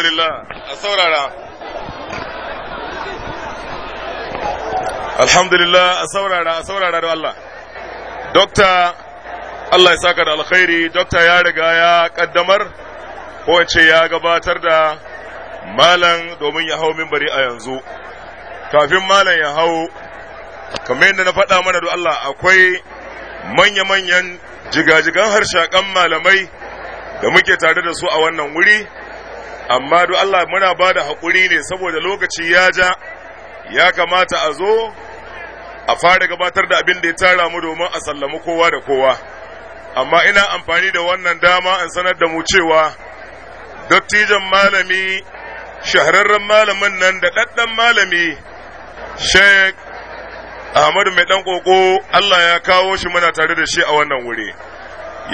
alhamdulillah a saurara alhamdulillah a saurara a saurara da Allah dokta Allah ya saka da alkhairi dokta ya riga ya kaddamar ko ce ya gabatar da malam domin ya hau minbari a yanzu kafin malam ya hau kamar yadda na faɗa mana da Allah akwai manya-manyan jigajigan harshakan malamai da muke tare da su a wannan wuri amma duk Allah muna ba da haƙuri ne saboda lokaci ya ja ya kamata a zo a fara gabatar da abin da ya tara mu domin a sallami kowa da kowa amma ina amfani da wannan dama in sanar da mu cewa dattijan malami shahararren malamin nan da ɗaɗɗan malami sheik ahmadu mai ɗan ƙoƙo allah ya kawo shi muna tare da shi a wannan wuri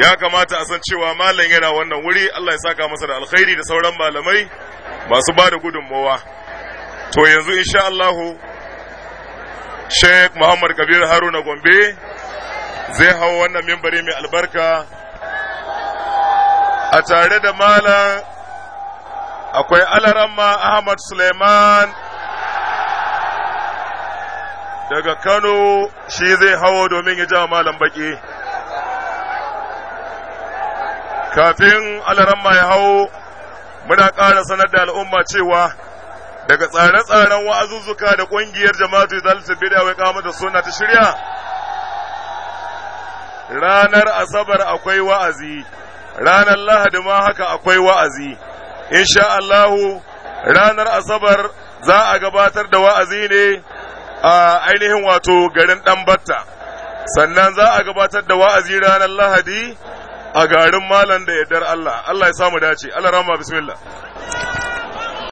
ya kamata a san cewa malam yana wannan wuri Allah ya saka masa da alkhairi da sauran malamai masu ba da gudunmowa to yanzu insha Allahu Sheikh Muhammad Kabir Haruna Gombe zai hau wannan mimbari mai albarka a tare da malam akwai alaramma Ahmad Suleiman daga Kano shi zai hawo domin ya ja malam baki kafin alaramma ya hau muna ƙara sanar da al'umma cewa daga tsare-tsaren wa'azuzzuka da ƙungiyar jama'atu ta bida wai kama da suna ta shirya ranar asabar akwai wa'azi ranar lahadi ma haka akwai wa'azi insha Allahu ranar asabar za a gabatar da wa'azi ne a ainihin wato garin ɗan batta sannan za a gabatar da wa'azi ranar lahadi a garin malam da yardar Allah Allah ya samu dace Allah rahama bismillah